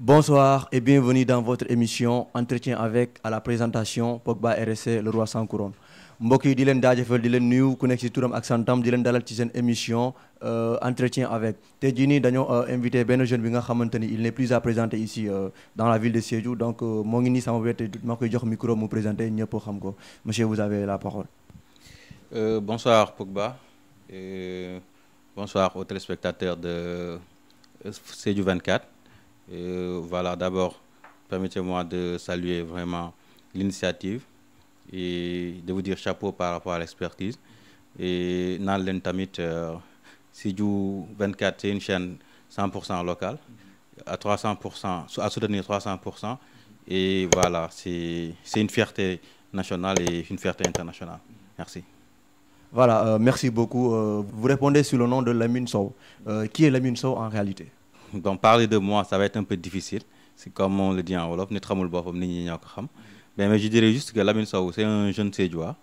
Bonsoir et bienvenue dans votre émission entretien avec à la présentation Pogba RSC le roi sans couronne mbokk yi di je daajëfal di leen nuyu ku nekk ci à ak santam di dalal ci émission euh, entretien avec tey jii nii euh, invité benn jeune bi il n'est plus à présenter ici euh, dans la ville de Sédhiou donc Mongini, ça m'a sama wet maa micro présenter xam monsieur vous avez la parole. Euh, bonsoir Pogba et bonsoir aux téléspectateurs de Sédhiou 24. Euh, voilà, d'abord, permettez-moi de saluer vraiment l'initiative et de vous dire chapeau par rapport à l'expertise. Et dans l'entamit, euh, 24, c'est une chaîne 100% locale, à 300%, à soutenir 300%. Et voilà, c'est une fierté nationale et une fierté internationale. Merci. Voilà, euh, merci beaucoup. Euh, vous répondez sur le nom de Lamine qui est Lamine en réalité donc parler de moi, ça va être un peu difficile. C'est comme on le dit en Wolof, mais je dirais juste que Lamine Sow, c'est un jeune Sédiois,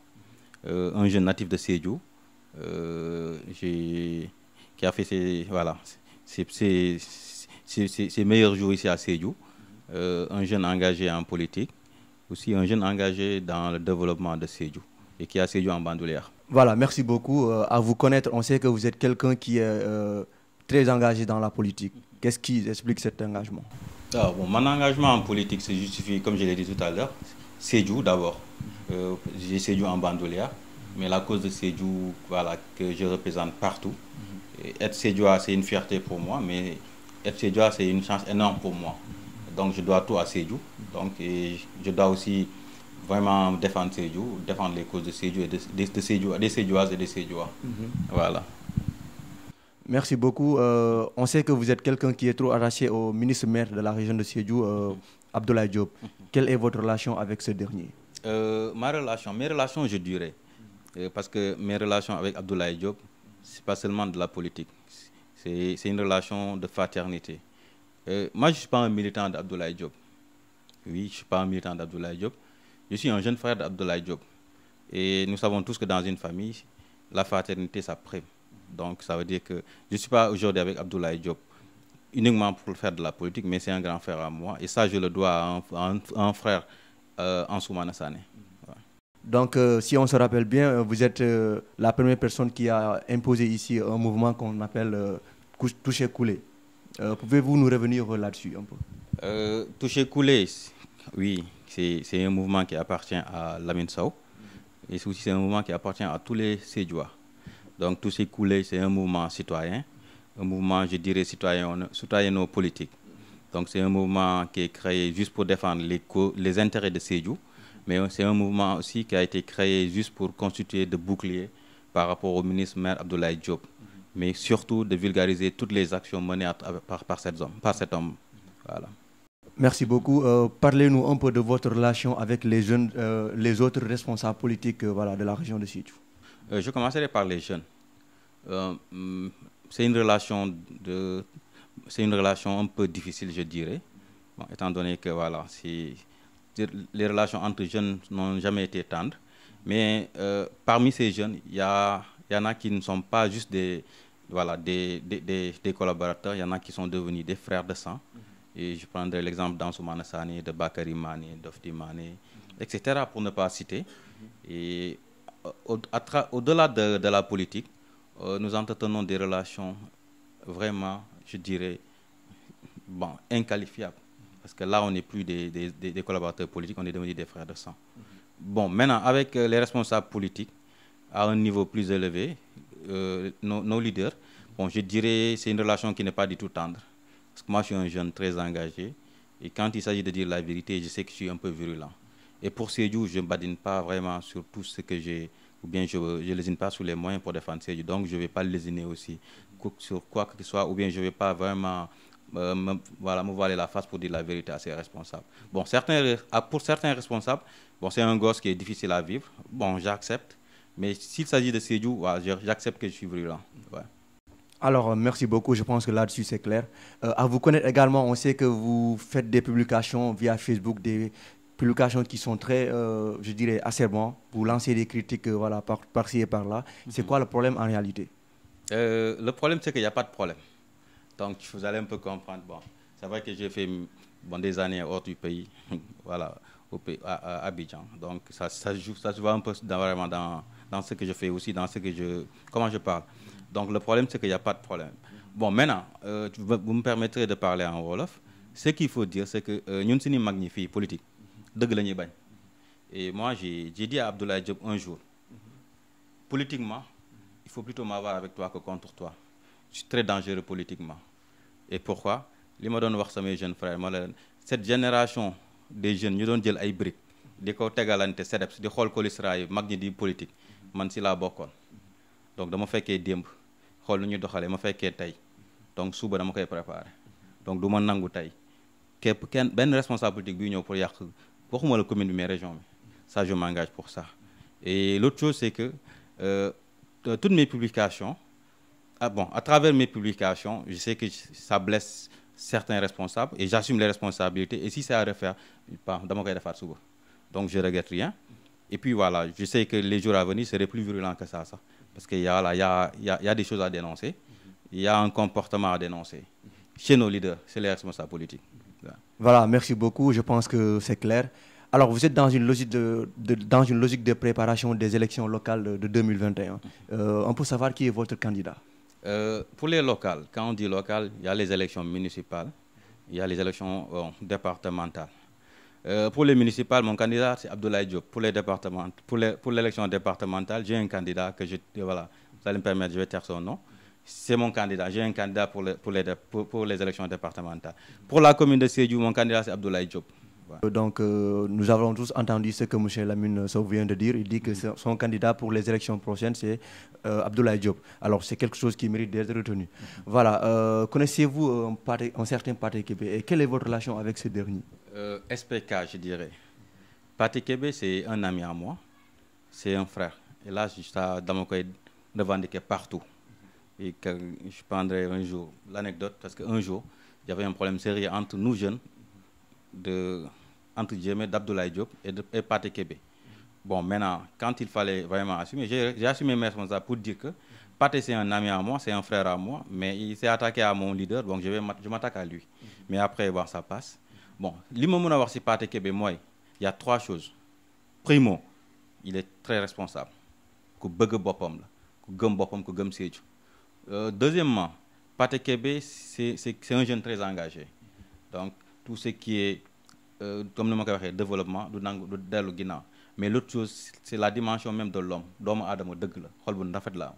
euh, un jeune natif de Sédiou, euh, qui a fait ses, voilà, meilleurs jours ici à Sédiou, euh, un jeune engagé en politique, aussi un jeune engagé dans le développement de Sédiou et qui a Sédiou en bandoulière. Voilà, merci beaucoup. à vous connaître, on sait que vous êtes quelqu'un qui est très engagé dans la politique. Qu'est-ce qui explique cet engagement ah, Mon engagement en politique se justifie, comme je l'ai dit tout à l'heure, Sédou d'abord. Euh, j'ai Sédou en bandoulière, mais la cause de Sédou voilà, que je représente partout. Mm-hmm. être Sédou, c'est une fierté pour moi, mais être Sédou, c'est une chance énorme pour moi. Donc je dois tout à Sédou. Donc je dois aussi vraiment défendre Sédou, défendre les causes de Sédou de, des Sédouas et des Sédouas. Mm-hmm. Voilà. Merci beaucoup. Euh, on sait que vous êtes quelqu'un qui est trop arraché au ministre-maire de la région de Siedjou, euh, Abdoulaye Diop. Quelle est votre relation avec ce dernier euh, Ma relation, mes relations, je dirais, parce que mes relations avec Abdoulaye Diop, n'est pas seulement de la politique, c'est une relation de fraternité. moi, je ne suis pas un militant d'Abdoulaye Diop. Oui, je suis pas un militant d'Abdoulaye Diop. Je suis un jeune frère d'Abdoulaye Diop. Et nous savons tous que dans une famille, la fraternité, ça donc ça veut dire que je ne suis pas aujourd'hui avec Abdoulaye Diop uniquement pour faire de la politique, mais c'est un grand frère à moi. Et ça, je le dois à un, frère, euh, Soumane Sané. Donc, euh, si on se rappelle bien, euh, vous êtes euh, la première personne qui a imposé ici un mouvement qu'on appelle toucher-couler. Pouvez-vous nous revenir là-dessus un peu Toucher-couler, oui, c'est un mouvement qui appartient à lamin Et c'est aussi un mouvement qui appartient à tous les Sédiois. Donc tout ces c'est un mouvement citoyen, un mouvement, je dirais, citoyen, politique Donc c'est un mouvement qui est créé juste pour défendre les, intérêts de Sédhiou, mais c'est un mouvement aussi qui a été créé juste pour constituer de boucliers par rapport au ministre maire Abdoulaye Diop, mais surtout de vulgariser toutes les actions menées par, cet homme. Par cet homme. Voilà. Merci beaucoup. Euh, parlez-nous un peu de votre relation avec les jeunes, euh, les autres responsables politiques euh, de la région de Sédhiou. Euh, je commencerai par les jeunes. Euh, mm, c'est une relation de, c'est une relation un peu difficile, je dirais, étant donné que voilà, les relations entre jeunes n'ont jamais été tendres. Mais euh, parmi ces jeunes, il y, y en a qui ne sont pas juste des, voilà, des, des, collaborateurs, il y en a qui sont devenus des frères de sang. Et je prendrai l'exemple d'Ansoumane Sani, de Bakary Mani, d'Ofti Mani, etc., pour ne pas citer. Et euh, au-delà de, la politique, euh, nous entretenons des relations vraiment, je dirais, bon, inqualifiables. Parce que là, on n'est plus des, collaborateurs politiques, on est devenus des frères de sang. Mhm. Bon, maintenant, avec euh, les responsables politiques, à un niveau plus élevé, nos, leaders, bon, je dirais, c'est une relation qui n'est pas du tout tendre. Parce que moi, je suis un jeune très engagé. Et quand il s'agit de dire la vérité, je sais que je suis un peu virulent. Et pour ces jours, je ne badine pas vraiment sur tout ce que j'ai ou bien je ne lésine pas sur les moyens pour défendre ces Donc, je ne vais pas lésiner aussi sur quoi que ce soit, ou bien je ne vais pas vraiment euh, me, voilà, me voiler la face pour dire la vérité à ces responsables. Bon, certains, ah, pour certains responsables, bon, c'est un gosse qui est difficile à vivre. Bon, j'accepte. Mais s'il s'agit de Cédu, j'accepte que je suis virulent. Ouais. Alors, euh, merci beaucoup. Je pense que là-dessus, c'est clair. Euh, à vous connaître également, on sait que vous faites des publications via Facebook, des, publications qui sont très, euh, je dirais, assez bons pour lancer des critiques euh, voilà, par-ci et par-là. C'est mhm. quoi le problème en réalité euh, Le problème, c'est qu'il n'y a pas de problème. Donc, vous allez un peu comprendre. Bon, c'est vrai que j'ai fait bon, des années hors du pays, voilà, à, Abidjan. Donc, ça, ça, joue, ça se voit un peu dans, vraiment dans, dans, ce que je fais aussi, dans ce que je, comment je parle. Donc, le problème, c'est qu'il n'y a pas de problème. Mhm. Bon, maintenant, vous me permettrez de parler en Wolof. Ce qu'il faut dire, c'est que nous sommes magnifiques politiques dëgg la bañ et moi j'ai j'ai dit à Abdoulaye Diop un jour politiquement il faut plutôt m'avoir avec toi que contre toi je suis très dangereux politiquement et pourquoi li ma doon wax mes jeunes frères la cette génération des jeunes ñu doon jël ay briques di ko tegalante CDEPS di xool colisra yi mag ñi di politique man si laa bokkoon donc dama fekkee démb xool nu ñu doxalee ma fekkee tey donc suba dama koy préparer donc du ma nangu tey képp kenn responsable politique bi ñëw pour moi la commune de mes régions ça je m'engage pour ça et l'autre chose c'est que euh, euh, toutes mes publications ah bon à travers mes publications je sais que ça blesse certains responsables et j'assume les responsabilités et si c'est à refaire pas mon cas de suba donc je ne regrette rien et puis voilà je sais que les jours à venir seraient plus virulents que ça parce qu'il y y a des choses à dénoncer il y a un comportement à dénoncer chez nos leaders c'est les responsables politiques voilà, merci beaucoup. Je pense que c'est clair. Alors, vous êtes dans une logique de, dans une logique de préparation des élections locales de, 2021. Euh, on peut savoir qui est votre candidat euh, Pour les locales, quand on dit local, il y a les élections municipales, il y a les élections euh, départementales. pour les municipales, mon candidat, c'est Abdoulaye Diop. Pour, les élections pour, l'élection départementale, j'ai un candidat que je... Voilà, vous allez me permettre, je vais son nom c'est mon candidat. J'ai un candidat pour, pour, les, élections départementales. Pour la commune de Sédhiou, mon candidat, c'est Abdoulaye Diop. Euh, donc, euh, nous avons tous entendu ce que M. Lamine Sauve vient de dire. Il dit que mm-hmm. son candidat pour les élections prochaines, c'est euh, Abdoulaye Diop. Alors, c'est quelque chose qui mérite d'être retenu. Mm-hmm. Voilà. Connaissez-vous un, certain parti Québec et quelle est votre relation avec ce dernier SPK, je dirais. Parti québé c'est un ami à moi. C'est un frère. Et là, je suis dans mon devant partout et que je prendrai un jour l'anecdote parce qu'un jour, il y avait un problème sérieux entre nous jeunes, de, entre Djemé, d'Abdoulaye Diop et de Pate Kébé. Bon, maintenant, quand il fallait vraiment assumer, j'ai assumé mes responsabilités pour dire que Pate, c'est un ami à moi, c'est un frère à moi, mais il s'est attaqué à mon leader, donc je, vais, je m'attaque à lui. Mais après, voir ça passe. Bon, l'immobilier d'avoir si Pate Kébé, moi, il y a trois choses. Primo, il est très responsable. Que il Bopom, que Gum Bopom, que Gum Sejou. Euh, deuxièmement, Pate Kebe, c'est un jeune très engagé. Donc, tout ce qui est, euh, comme le dit, développement, du le Guinée. Mais l'autre chose, c'est la dimension même de l'homme. L'homme Adam deug la, Holbu bu rafet la.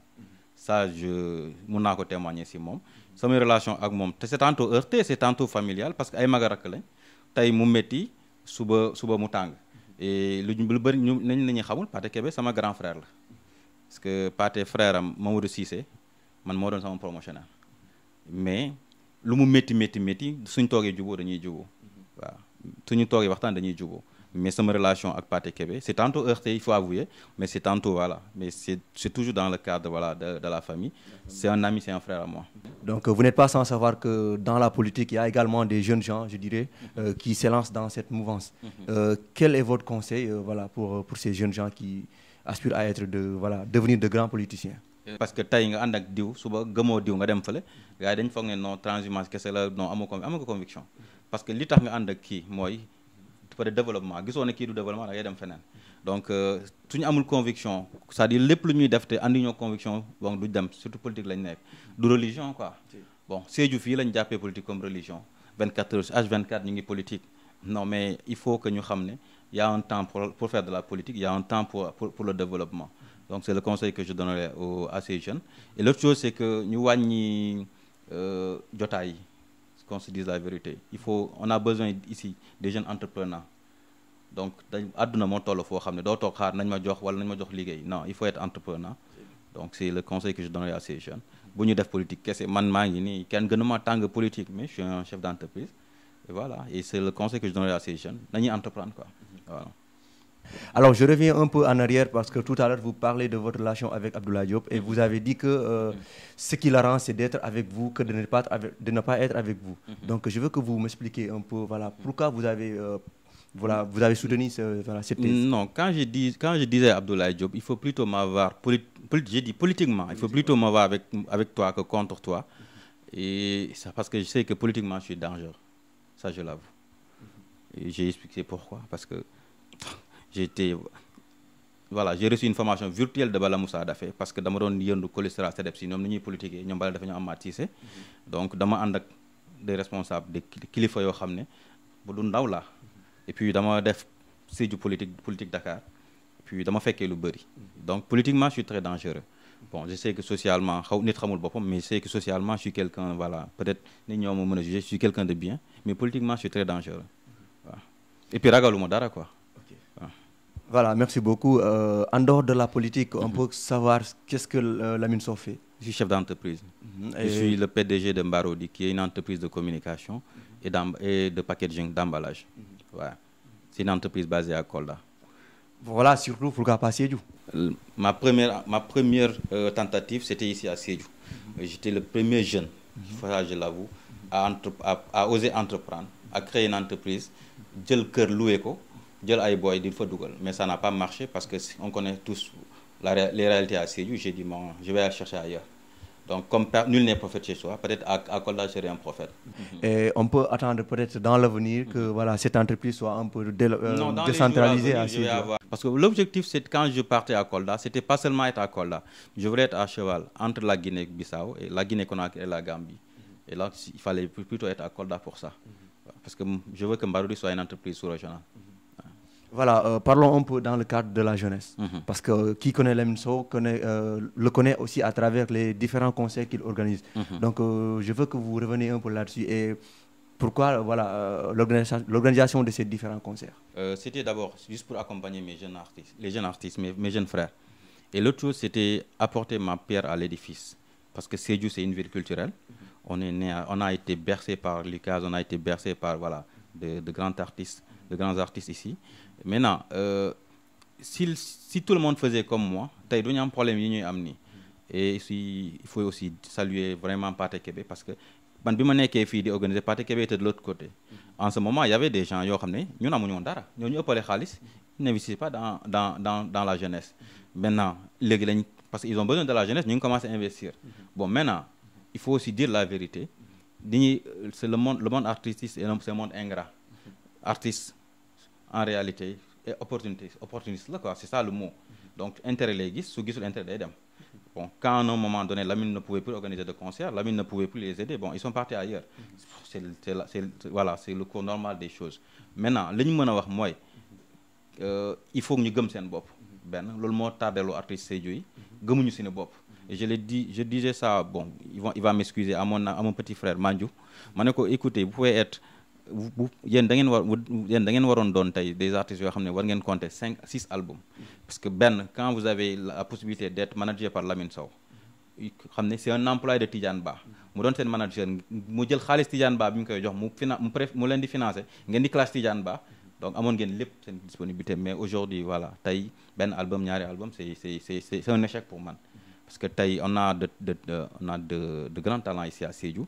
Ça je ne peux ko témoigner si moom. Sama relation ak c'est tantôt heurté, c'est tantôt familial parce que ay mag rakk lañ. Tey mu metti, suba suba mu tàng. Et lu lu Et le plus la ñuy xamul Patekébé, c'est mon grand frère Parce que Pate frère mon Mamadou Cissé man moo doon sama promotionnel mais lu mu métti métti métti suñ toogee juboo dañuy juboo waaw suñu toogee waxtaan dañuy mais sama relation ak Parti Kébé c'est tantôt heurté il faut avouer mais c'est tantôt voilà mais c'est toujours dans le cadre voilà de, la famille c'est un ami c'est un frère à moi donc euh, vous n'êtes pas sans savoir que dans la politique il y a également des jeunes gens je dirais euh, qui s'élancent dans cette mouvance euh, quel est votre conseil voilà pour pour ces jeunes gens qui aspirent à être de voilà devenir de grands politiciens parce que tu nga ànd ak diw suba gëmoo diw nga dem fele gars dañ fogné non transhumance que la non amoo convi de conviction parce que li tax nga ànd ak kii mooy pour le développement gisoo ne du développement da ngay dem fenen donc euh, suñu amul conviction c'est-à-dire lepp lu ñuy def té andi ñoo conviction bon du dem surtout politique lañ nek du religion quoi bon Sédhiou fi lañ jappé politique comme religion 24 heures H24 ñu ngi politique non mais il faut que ñu xamné Il y a un temps pour faire de la politique il y a un temps pour, pour le développement donc c'est le conseil que je donnerai à ces jeunes. Et l'autre chose, c'est que nous avons euh, qu'on se dise la vérité. Il faut, on a besoin ici des jeunes entrepreneurs. Donc, non, il faut être entrepreneur. Donc, c'est le conseil que je donnerai à ces jeunes. Si vous politique, qu'est-ce que je suis politique, mais je suis un chef d'entreprise. Et voilà, et c'est le conseil que je donnerai à ces jeunes. Nous entreprendre. Quoi. Voilà. Alors, je reviens un peu en arrière parce que tout à l'heure, vous parlez de votre relation avec Abdoulaye Diop et vous avez dit que euh, mm-hmm. ce qui la rend, c'est d'être avec vous, que de ne, pas de ne pas être avec vous. Mm-hmm. Donc, je veux que vous m'expliquiez un peu voilà, mm-hmm. pourquoi vous avez, euh, voilà, vous avez soutenu cette thèse. Non, quand je, dis, quand je disais Abdoulaye Diop, il faut plutôt m'avoir, polit, j'ai dit politiquement, il faut plutôt m'avoir avec, avec toi que contre toi. Et ça, parce que je sais que politiquement, je suis dangereux. Ça, je l'avoue. Et j'ai expliqué pourquoi. Parce que j'étais voilà j'ai reçu une formation virtuelle de Bala Moussa Dafé parce que dama doon yëndu c'est CDEPS si ñom ni ñuy politique ñom Bala dafa ñu am matisé mhm. donc dama ànd ak des responsables des kilifa yo xamné bu du ndaw et puis dama def séju politique politique Dakar et puis dama féké lu bëri donc politiquement je suis très dangereux bon je sais que socialement xaw nit xamul boppam mais je sais que socialement je suis quelqu'un voilà peut-être ni ñom ma mën juger je suis quelqu'un de bien mais politiquement je suis très dangereux waaw et puis ragaluma dara quoi voilà, merci beaucoup. Euh, en dehors de la politique, on mhm. peut savoir qu'est-ce que euh, la mine fait Je suis chef d'entreprise. Mhm, je suis le PDG de Mbarodi, qui est une entreprise de communication mhm. et, de packaging, d'emballage. Voilà. C'est une entreprise basée à Kolda. Voilà, surtout pour le pas Ma première, ma première euh, tentative, c'était ici à Siedjou. J'étais le premier jeune, je l'avoue, à, oser entreprendre, à créer une entreprise, Djelker Loueko mais ça n'a pas marché parce que on connaît tous les réalités à j'ai dit je vais aller chercher ailleurs donc comme nul n'est prophète chez soi peut-être à, à Kolda je serai un prophète. Mm-hmm. et on peut attendre peut-être dans l'avenir que mm-hmm. voilà cette entreprise soit un peu euh, décentralisée parce que l'objectif c'est quand je partais à Kolda c'était pas seulement être à Kolda je voulais être à cheval entre la Guinée-Bissau et la Guinée-Conakry et la Gambie et là il fallait plutôt être à Kolda pour ça mm-hmm. parce que je veux que Mbaroudi soit une entreprise sur régionale voilà, euh, parlons un peu dans le cadre de la jeunesse. Mhm. Parce que euh, qui connaît l'EMSO connaît, euh, le connaît aussi à travers les différents concerts qu'il organise. Mhm. Donc, je veux que vous reveniez un peu là-dessus. Et pourquoi voilà, l'organisation de ces différents concerts C'était d'abord juste pour accompagner mes jeunes artistes, les jeunes artistes, mes, jeunes frères. Et l'autre chose, c'était apporter ma pierre à l'édifice. Parce que Sédou, c'est une ville culturelle. Mhm. On, a été bercé par Lucas, on a été bercé par voilà, de grands artistes, de grands artistes ici maintenant euh, si si tout le monde faisait comme moi il y a un problème yi nous. et il faut aussi saluer vraiment Pathé Québec parce que quand je suis venu organiser Québec, était de l'autre côté mm-hmm. en ce moment il y avait des gens qui n'investissaient ñun amuñu de dara ñoo ñu n'investissent pas dans dans dans la jeunesse mm-hmm. maintenant parce qu'ils ont besoin de la jeunesse ñu commençons à investir mm-hmm. bon maintenant il faut aussi dire la vérité c'est le monde le monde artistique et c'est le monde ingrat artiste en réalité et opportunité opportuniste c'est ça le mot donc intérêt lay gis guise intérêt bon quand à un moment donné la mine ne pouvait plus organiser de la mine ne pouvait plus les aider bon ils sont partis ailleurs c'est voilà c'est le cours normal des choses maintenant les ñu mën moi euh, il faut que nous gëm seen ben le loolu moo de artiste Sédhiou yi gëmuñu c'est Et je l'ai dit, je disais ça, bon, il va, il va m'excuser à mon, à mon petit frère manju Je écoutez, vous pouvez être il y da des artistes qui ont albums parce que quand vous avez la possibilité d'être par Lamine Sow un employé de Tidiane Ba mu manager mu jël Tidiane Ba koy jox donc disponibilité mais aujourd'hui voilà album un échec pour moi. parce que on a de a de grands talents ici à Sédhiou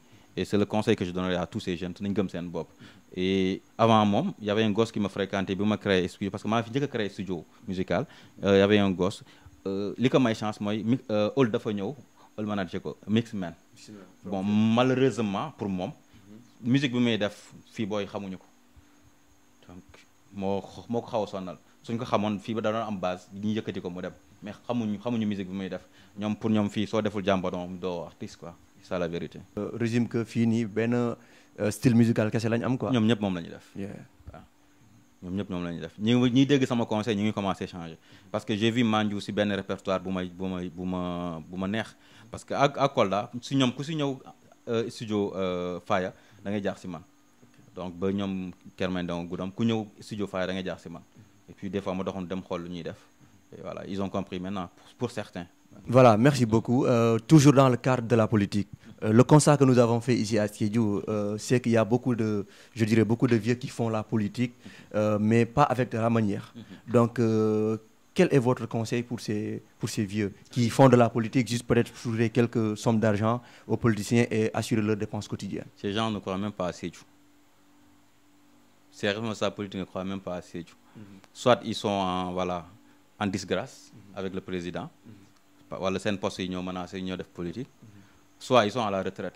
Et c'est le conseil que je donnerais à tous ces jeunes. Et avant moi, il y avait un gosse qui me fréquentait, qui m'a créé studio, parce que moi, j'ai créé un studio musical. Il euh, y avait un gosse. Euh, ce qui m'a chance, moi, euh, Old Dafonio, Old Manager, Mixman. Bon, malheureusement, pour moi, la musique que je fais, fille boy, je ne sais pas. Donc, je ne sais pas. suñ ko xamoon fii ba da doon am base ñu yëkkati ko mu dem mais xamuñu xamuñu musique bi muy def ñoom pour ñoom fii soo deful jàmbaar moom doo artiste quoi c'est ça la vérité. Euh, régime que fini ben euh, style musical est lañ am quoi. Ñom ñep mom lañu def. Ñom ñep lañu def conseil changer parce que j'ai vu Mandiou répertoire bu bu parce que ak si ku studio Faya da donc studio Faya et puis des fois dem voilà ils ont compris maintenant pour certains. Voilà, merci beaucoup. Euh, toujours dans le cadre de la politique. Euh, le constat que nous avons fait ici à Siediou, euh, c'est qu'il y a beaucoup de, je dirais, beaucoup de vieux qui font la politique, mais pas avec de la manière. Donc, quel est votre conseil pour ces, pour ces vieux qui font de la politique juste peut-être pour trouver quelques sommes d'argent aux politiciens et assurer leurs dépenses quotidiennes Ces gens ne croient même pas à Siediou. Ces la politique ne croient même pas à Siediou. Mm-hmm. Soit ils sont en, voilà, en disgrâce mm-hmm. avec le président. Mm-hmm wala poste maintenant politique soit ils sont à la retraite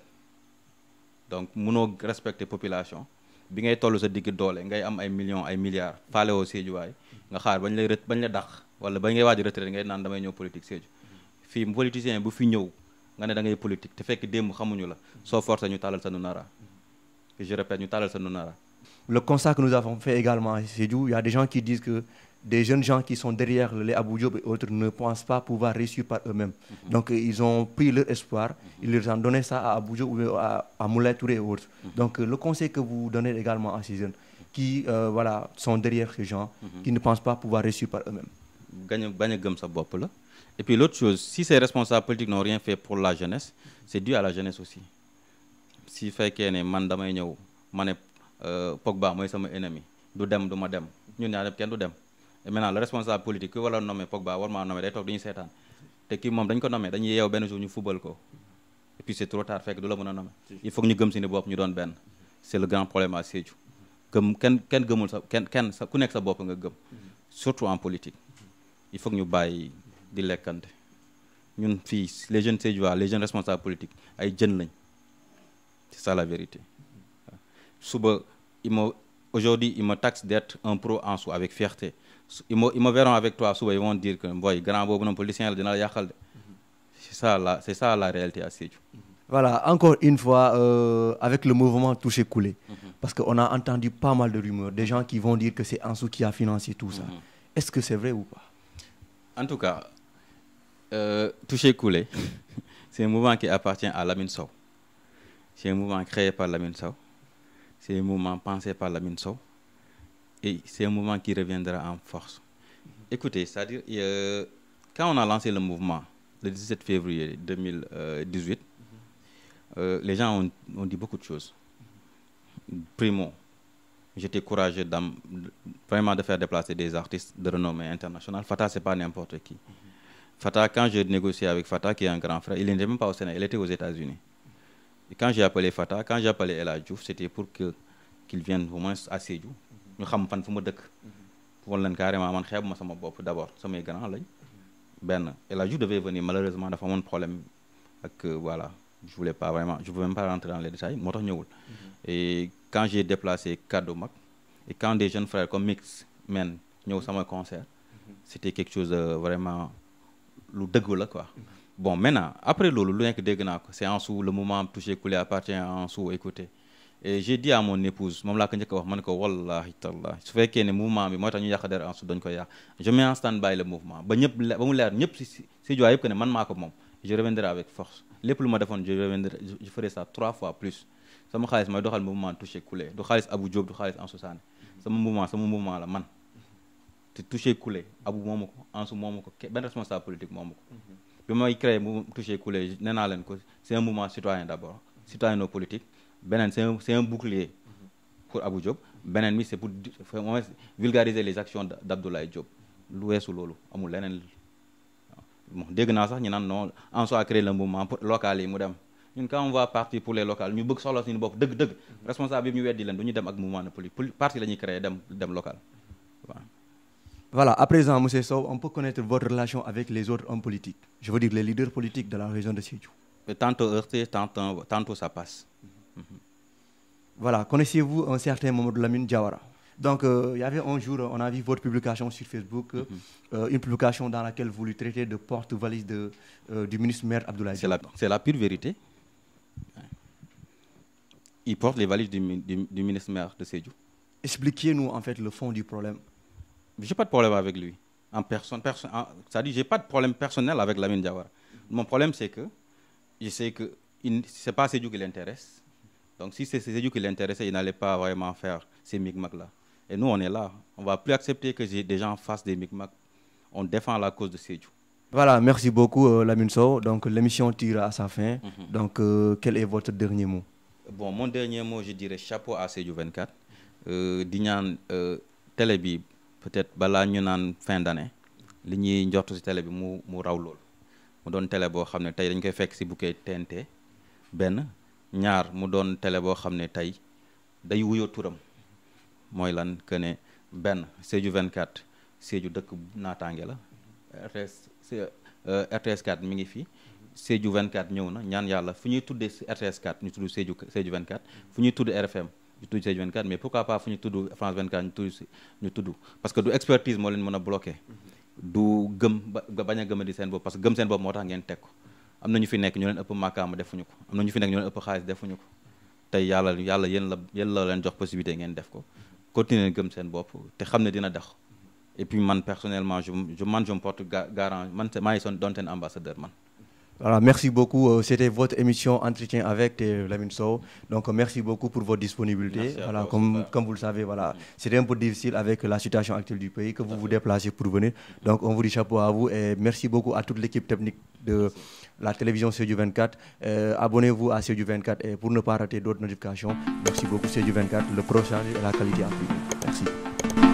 donc faut respecter population bi ngay a sa digg doole ngay am ay millions des milliards faale woo nga xaar bañ lay bañ la dàq wala bañ ngay waaj retraite ngay pas damay ñëw politique Sédhiou fii politicien bu fi ñëw nga ne da ngay politique te fekk démb xamuñu la force forcé nara je répète nara le constat que nous avons fait également c'est il y a des gens qui disent que des jeunes gens qui sont derrière les Abu Diop et autres ne pensent pas pouvoir réussir par eux-mêmes. Mm-hmm. Donc euh, ils ont pris leur espoir, mm-hmm. ils leur ont donné ça à Abu ou à, à Moulay Touré et autres. Mm-hmm. Donc euh, le conseil que vous donnez également à ces jeunes qui euh, voilà, sont derrière ces gens, qui ne pensent pas pouvoir réussir par eux-mêmes. Et puis l'autre chose, si ces responsables politiques n'ont rien fait pour la jeunesse, c'est dû à la jeunesse aussi. Si fait qu'il y a mané pogba moy sama ennemi du dem duma dem ñun ñaar du et maintenant le responsable politique qui voilà nommé Pogba war m'a nommé day toog du ñu seetaan te kii dañ ko nommé dañuy yeew benn jour ñu football ko et puis c'est trop tard fekk du la mën a nommé il faut que ñu gëm si ni bopp ñu doon benn c'est le grand problème à Sédhiou gëm kenn kenn gëmul sa kenn kenn sa ku nekk sa bopp nga gëm surtout en politique il faut que ñu bàyyi di lekkante ñun fii les jeunes Sédhiouois les jeunes responsables politiques ay jën lañ c'est ça la vérité suba il ma aujourd'hui il me taxe d'être un pro en soi avec fierté ils me, verront avec toi ils vont dire que grand bobo, C'est ça la, c'est ça la réalité à Voilà, encore une fois, euh, avec le mouvement touché coulé, parce qu'on a entendu pas mal de rumeurs, des gens qui vont dire que c'est Ansou qui a financé tout ça. Est-ce que c'est vrai ou pas En tout cas, euh, touché coulé, c'est un mouvement qui appartient à la Sow. C'est un mouvement créé par la Sow. C'est un mouvement pensé par Lamine Sow. Et c'est un mouvement qui reviendra en force. Écoutez, c'est-à-dire, euh, quand on a lancé le mouvement le 17 février 2018, euh, euh, les gens ont, dit beaucoup de choses. Primo, j'étais courageux vraiment de faire déplacer des artistes de renommée internationale. Fatah, n'est pas n'importe qui. Fatah, quand j'ai négocié avec Fatah, qui est un grand frère, il n'était même pas au Sénat, il était aux États-Unis. Et quand j'ai appelé Fatah, quand j'ai appelé El Adjouf, c'était pour qu'il vienne au moins à Séjou, ñu xam fan fu ma dëkk wan leen carrément man xeebu ma sama bopp d' abord samay grand lañ benn la je devait venir malheureusement dafa amoon problème ak euh, voilà je voulais pas vraiment je veux même pas rentrer dans les détails moo tax ñëwul mhm. et quand j'ai déplacé Kaddu Mag et quand des jeunes frères comme Mix Men ñëw sama concert mhm. c'était quelque chose de euh, vraiment lu dëggu la quoi mhm. bon maintenant après loolu lu nekk dégg c'est en sous le moment touché coulé appartient en sous écouté et j'ai dit à mon épouse mom la ko njëkk a wax man ko wallahi tallahi su fekkee ne mouvement bi motax ñu yàq der en su dañ ko yàq je mets en stand by le mouvement ba ñëpp ba mu leer ñëpp si si joie yëpp que ne man mako mom je reviendrai avec force lepp lu ma je reviendrai je ferai ça trois fois plus sama xaalis mooy doxal mouvement touché coulé du xaalis Abou Diop du xaalis en sousane sama mouvement sama mouvement la man te touché coulé Abou moomu ko sous moomu ko benn responsable politique moomu ko mhm. bi may créer mu touché coulé nee naa ko c'est un mouvement citoyen d'abord citoyen non politique Benen, c'est un bouclier pour Abou Diop Benen, c'est pour vulgariser les actions d'Abdoulaye Diop C'est ce loolu amul leneen bon dégg on sax ñu le mouvement local yi mu quand on va partir pour les locales Nous bëgg soxla suñu bopp dëgg dëgg responsable bi ñu weddi leen du dem mouvement politique parti créer local voilà. à présent, M. Sow, on peut connaître votre relation avec les autres hommes politiques, je veux dire les leaders politiques de la région de Sidiou. Tantôt heurté, tantôt, tantôt ça passe. Mhm. Voilà, connaissez-vous un certain moment de la mine Jawara donc, euh, il y avait un jour, on a vu votre publication sur Facebook, mhm. euh, une publication dans laquelle vous lui traitez de porte-valise euh, du ministre maire Abdoulaye C'est la, pure vérité. Il porte les valises du, ministre maire de Sédou. Expliquez-nous en fait le fond du problème. J'ai pas de problème avec lui. En personne, personne, ça dit, j'ai pas de problème personnel avec la mine Jawara Mon problème, c'est que je sais que ce n'est pas qui l'intéresse donc si c'est Sédhiou qui l'intéressait, il n'allait pas vraiment faire ces micmacs-là. Et nous, on est là. On ne va plus accepter que des gens fassent des micmacs. On défend la cause de Sédhiou. Voilà, merci beaucoup euh, Lamine Donc l'émission tire à sa fin. Mhm. Donc euh, quel est votre dernier mot Bon, mon dernier mot, je dirais chapeau à Sédhiou 24. Euh, Dignan euh, Télébi, peut-être bala ñu fin d'année. li ñuy njortu si télé bi mu mu raw lool mu doon télé a fait. ne dañ koy fekk si bouquet TNT ben, ñaar mu doon télé bo xamné tay day wuyo turam moy lan que né ben séju 24 séju dëkk naataange la RTS euh, RTS 4 mi ngi fi séju 24 ñëw na ñaan yalla fu ñuy tuddee RTS 4 ñu tuddu séju séju 24 fu ñuy tudd RFM ñu tuddu séju 24 mais pourquoi pas fu ñuy tuddu France 24 ñu tuddu ñu tuddu parce que du expertise mo leen mëna bloquer du gëm baña bañ di seen bop parce que gëm seen bop motax ngeen teg ko am na ñu fi nekk ñu leen ëpp màkkaama defuñu ko am na ñu fi nekk ñu leen ëpp xaalis defuñu ko tey yàlla yàlla yéen la yéen la leen jox possibilité ngeen def ko continuer gëm seen bopp te xam ne dina dex et puis man personnellement je je man je me porte garant man maa ngi son doon seen ambassadeur man merci beaucoup. Euh, c'était votre émission Entretien avec Lamine Sow. Donc, merci beaucoup pour votre disponibilité. Voilà, comme, vous le savez, voilà, c'était un peu difficile avec la situation actuelle du pays que vous vous déplacez pour venir. Donc, on vous dit chapeau à vous et merci beaucoup à toute l'équipe technique de la télévision CEDU24. Euh, abonnez-vous à CEDU24 pour ne pas rater d'autres notifications, merci beaucoup CEDU24, le prochain et la qualité Merci.